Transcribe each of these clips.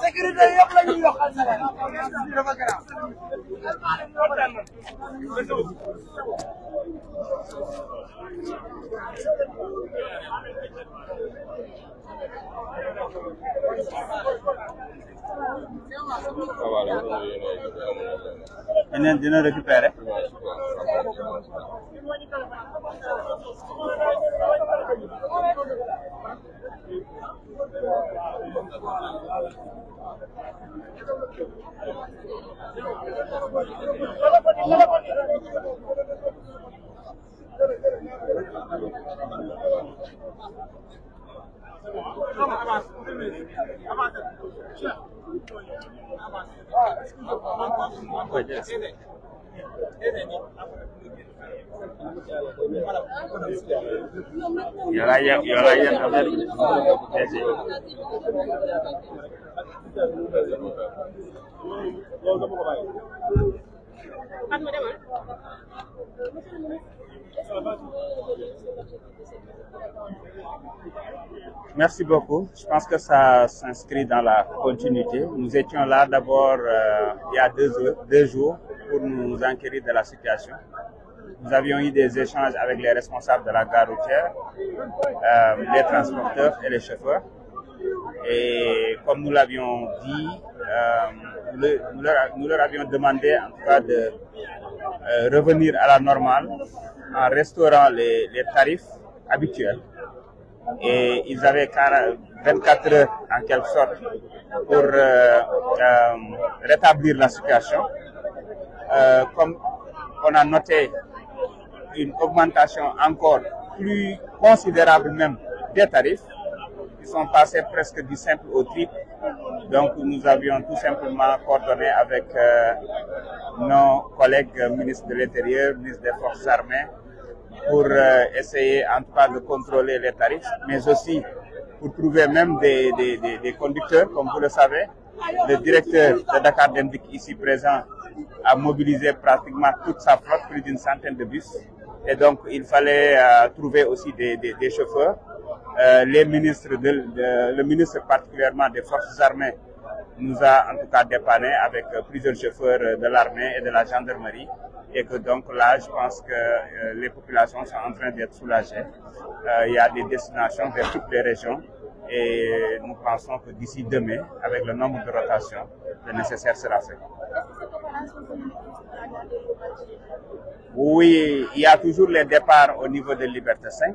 sécurité yëpp la ñuy yokkal dina dina récupérer Yola ya, yola ya también. ko Fatma demal. Monsieur le ministre, est-ce que vous pouvez revenir dans la continuité. Nous étions là d'abord euh, il y a deux, deux jours de la situation. Nous avions eu des échanges avec les responsables de la gare routière, euh, les transporteurs et les chauffeurs. Et comme nous l'avions euh, nous leur, avions demandé en tout cas de euh, revenir à la normale en restaurant les, les tarifs habituels. Et ils avaient 24 heures en quelque sorte pour euh, euh, rétablir la situation. comme on a noté une augmentation encore plus considérable même des tarifs, sont passés presque du simple au triple. Donc nous avions tout simplement coordonné avec euh, nos collègues ministres de l'Intérieur, ministres des Forces armées, pour euh, essayer en tout cas de contrôler les tarifs, mais aussi pour trouver même des, des, des, des conducteurs, comme vous le savez. Le directeur de Dakar Demdik ici présent a mobilisé pratiquement toute sa flotte, plus d'une centaine de bus. Et donc il fallait euh, trouver aussi des, des chauffeurs Euh, les ministres de, le ministre particulièrement des forces armées nous a en tout cas dépanné avec euh, plusieurs chauffeurs euh, de l'armée et de la gendarmerie et donc là je pense que les populations sont en train d'être soulagées. Euh, il y a des destinations vers toutes les régions et nous pensons que d'ici demain avec le nombre de rotations le nécessaire sera fait. Oui, il y a toujours les départs au niveau de Liberté cinq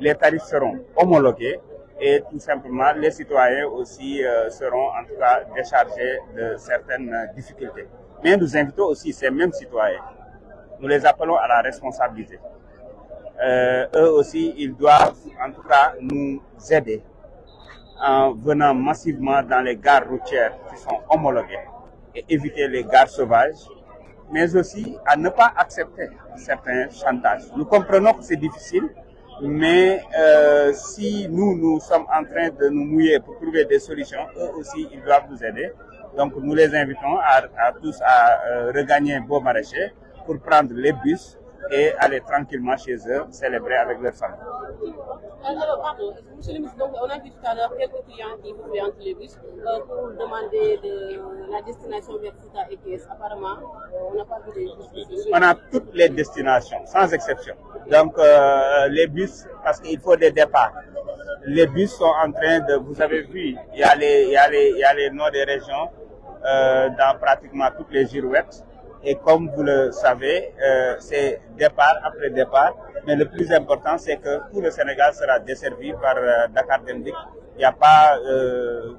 les tarifs seront homologués et tout simplement les citoyens euh, seront en tout cas déchargés de certaines euh, difficultés. Mais nous invitons aussi ces mêmes citoyens, nous les appelons à la responsabilité. Euh, eux aussi, ils doivent en tout cas nous aider en venant massivement dans les gares routières qui sont homologuées et éviter les gares sauvages, mais aussi à ne pas accepter certains chantages. Nous comprenons que c'est difficile, Mais euh, si nous, nous sommes en train de nous mouiller pour trouver des solutions, eux aussi, ils doivent nous aider. Donc nous les invitons à, à tous à euh, regagner Beau Maraîcher pour prendre les bus et aller tranquillement chez eux, célébrer avec leur famille. Euh, alors, a vu les bus euh, pour demander de, la destination vers Fouta et les bus. toutes les destinations, sans exception. Donc, euh, les bus, parce qu'il faut des départs. Les bus sont en train de, vous avez vu, il y a les, noms des régions euh, dans pratiquement toutes les girouettes. Et comme vous le savez, euh, c'est départ après départ. Mais le plus important, c'est que tout le Sénégal sera desservi par euh, Dakar Demdik. Il n'y a pas, euh,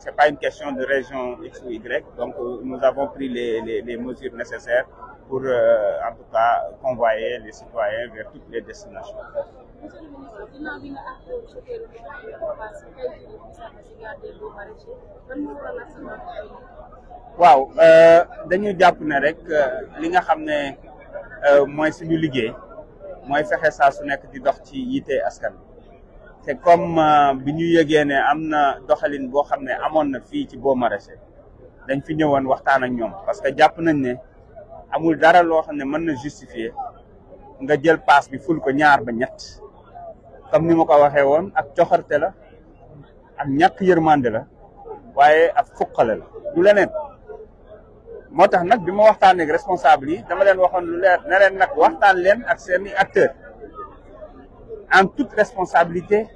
c'est pas une question de région X ou Y. Donc, euh, nous avons pris les, les, les mesures nécessaires pour euh, en tout cas convoyer les citoyens vers toutes les destinations. waaw euh, dañu jàpp ne rek euh, li nga xam ne mooy suñu liggéey mooy fexe saa su nekk di dox ci yitte askan bi te comme bi ñu yëgee ne am na doxalin boo xam ne amoon na fii ci boo maraîcher dañ fi ñëwoon waxtaan ak ñoom parce que jàpp nañ ne. amul dara loo xam ne mën na justifier nga jël paas bi ful ko ñaar ba ñett comme ni ma ko waxee woon ak coxarte la ak ñàkk yërmande la waaye ak fuqale la lu leneen moo tax nag bi ma waxtaanee ak responsable yi dama leen waxoon lu leer ne leen nag waxtaan leen ak seeni acteur en toute responsabilité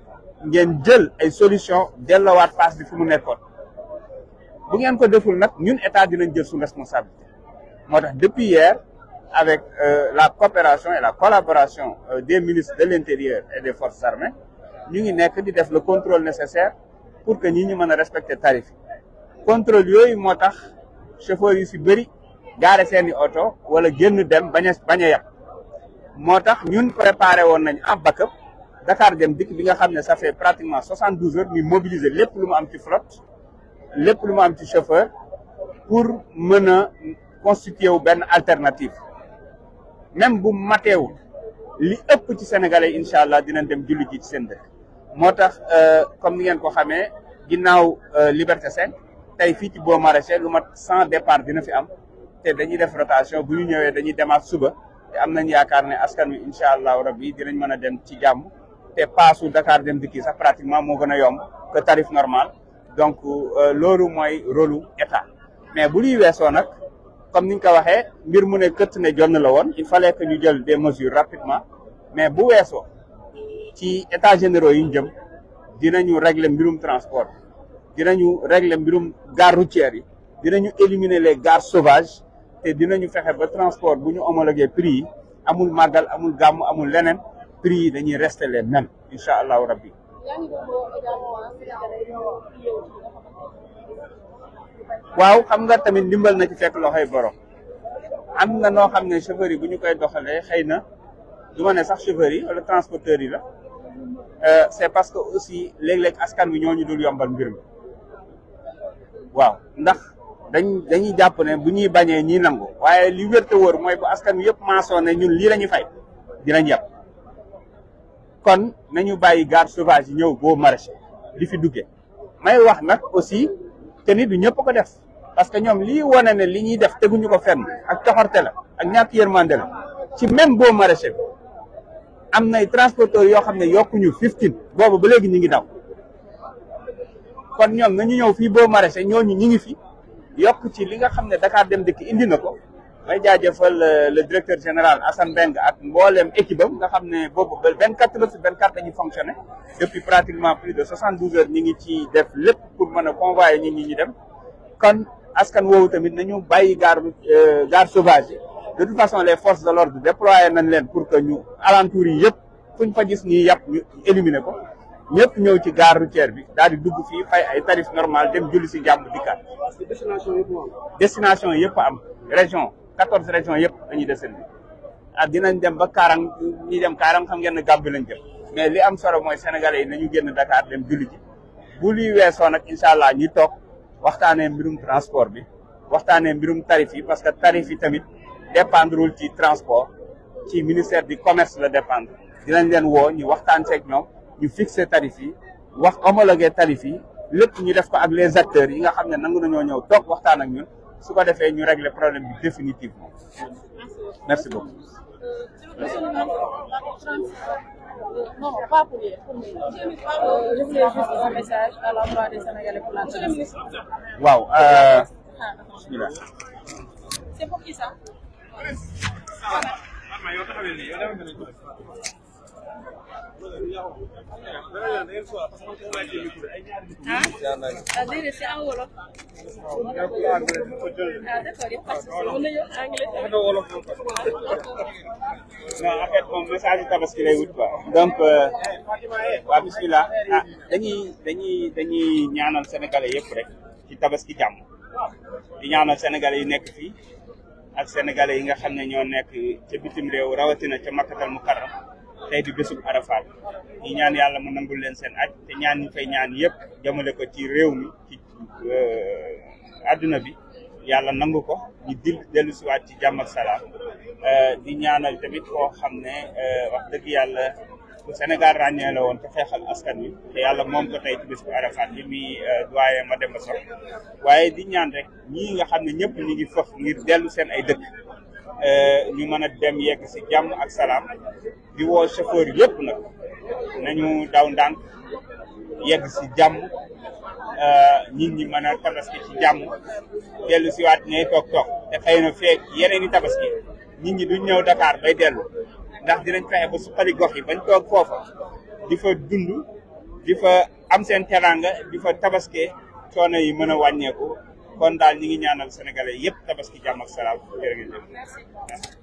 ngeen jël ay solution delloowaat paas bi fu mu nekkoon bu ngeen ko deful nag ñun état dinañ jël suñu responsabilité moo tax depuis hier avec euh, la coopération et la collaboration de euh, des ministres de l'intérieur et des forces armées ñu ngi nekk di def le contrôle nécessaire pour que ñi ñu mën a respecter tarif yi contrôle yooyu moo tax chauffeurs yu si bëri gaare seeni oto wala génn dem bañ a yàpp moo tax ñun préparé woon nañ en backup Dakar Dem Dikk bi nga xam ne ça fait pratiquement soixante douze heures ñu mobiliser lépp lu mu am ci flotte lépp lu ma am ci chauffeur constitué wu benn alternative même bu mateewul li ëpp ci sénégalais incha allah dinañ dem julli ji ci seen dëkk moo tax euh, comme ni ngeen ko xamee ginnaaw euh, Liberté 5 tey fii ci boo maraîcher lu mat sans départ dina fi am te dañuy def rotation bu ñu ñëwee dañuy demaat suba te am nañ yaakaar ne askan wi incha allahu rabbi dinañ mën a dem ci jàmm te paasu Dakar dem dikki sax pratiquement moo gën a yomb que tarif normal donc euh, loolu mooy rôlu état mais bu luy comme ni ñu ko waxee mbir mu ne këtt ne jonn la woon il fallait que ñu jël des mesures rapidement mais bu weesoo ci états généraux yi ñu jëm dinañu régler mbirum transport dinañu régler mbirum gares routières yi dinañu éliminer les gares sauvages te dinañu fexe ba transport bu ñu homologué prix yi amul màggal amul gàmm amul leneen prix yi dañuy rester les mêmes incha allahu rabbi waaw xam nga tamit ndimbal na ci fekk loxoy borom am na noo xam ne chauffeur bu ñu koy doxalee xëy na du ma ne sax chauffeur yi wala transporteur yi la euh, c'est parce que aussi léeg-léeg askan wi ñoo ñu dul yombal mbir mi waaw ndax dañ dañuy jàpp ne bu ñuy bañee ñii nangu waaye li wér te mooy bu askan wi yëpp maasoo ne ñun lii lañuy fay dinañ yàpp kon nañu bàyyi gare sauvage yi ñëw boo maraîcher di fi duggee may wax nag aussi. te ni du ñëpp ko def parce que ñoom lii wane ne li ñuy def teguñu ko fenn ak coxorte la ak ñàkk yërmande la ci même boo maraîcher bi am nay transporteurs yoo xam ne yokkuñu fifteen boobu ba léegi ñu ngi daw kon ñoom na ñu ñëw fii boo maraîcher ñooñu ñu ngi fi yokk ci li nga xam ne Dakar dem dëkk indi na ko may jaajëfal euh, le directeur général Assane Mbeng ak mbooleem équipe am nga xam ne boobu ba vingt quatre heures sur vingt quatre dañuy fonctionné depuis pratiquement plus de soixante douze heures ñu ngi ci def lépp pour mën a convoyer nit ñi ñu dem kon askan woowu tamit nañu bàyyi gare euh, gare sauvage de toute façon les forces de l'ordre déployé nañ leen pour que ñu alentour yi yëpp fuñ fa gis ñuy yàpp ñu éliminer ko ñëpp ñëw ci gare routière bi daal di dugg fii fay ay tarif normal dem julli si jàmm dikkaat destination yëpp am quatorze régions yëpp dañuy desservir ah dinañ dem ba Kaarang ñi dem Kaarang xam ngeen ne Gàmbi lañ jëm mais li am solo mooy sénégalais yi nañu génn Dakar dem julli ji bu luy weesoo nag incha allah ñu toog waxtaanee mbirum transport bi waxtaanee mbirum tarif yi parce que tarif yi tamit dépendrewul ci transport ci ministère du commerce la dépendre dinañ leen woo ñi waxtaan seek ñoom ñu fixer tarif yi wax homologué tarif yi lépp ñu def ko ak les acteurs yi nga xam ne nangu nañoo ñëw toog waxtaan ak ñun su ko defee ñu régler problème bi définitivement merci beaucoup. non pas pour yéen pour nous. je message à l'endroit des Sénégalais pour la jeunesse. waaw. c'est pour qui ça. ah déedéet parce que mën nañu anglais. non moom message tabaski wut quoi donc waa bismillah ah dañuy dañuy dañuy ñaanal yëpp rek ci tabaski jàmm di ñaanal sénégalais yi nekk fii ak sénégalais yi nga xam ne ñoo nekk ca bitim réew rawatina ca makkatal mu karam tey di bésub Arafat ñi ñaan yàlla mu nangul leen seen aj te ñaan ñi fay ñaan yëpp jëmale ko ci réew mi ci àdduna euh, bi yàlla nangu ko ñu dil dellu siwaat ci jàmm ak salaam euh, di ñaanal tamit koo xam ne euh, wax dëgg yàlla bu Sénégal ràññee la woon te xeexal askan wi te yàlla moom ko tey ci bés bu Arafat bi muy ma dem ba sox waaye di ñaan rek ñii nga xam ne ñëpp ñu ngi fëf ngir dellu seen ay dëkk Euh, ñu mën a dem yegg si jàmm ak salaam di woo chauffeur yëpp nag nañu daw ndànk yegg si jàmm euh, nit ñi mën a tabaski ci jàmm dellu si waat ñay toog toog te xëy na feek yeneen yi tabaski nit ñi duñ ñëw Dakar bay dellu ndax dinañ fexe ba suqali gox yi bañ toog foofa di fa dund di fa am seen teraanga di fa tabaske coono yi mën a wàññeeku kon daal ñi ngi ñaanal sénégalais yëpp tabaski jàmm ak salaam jërë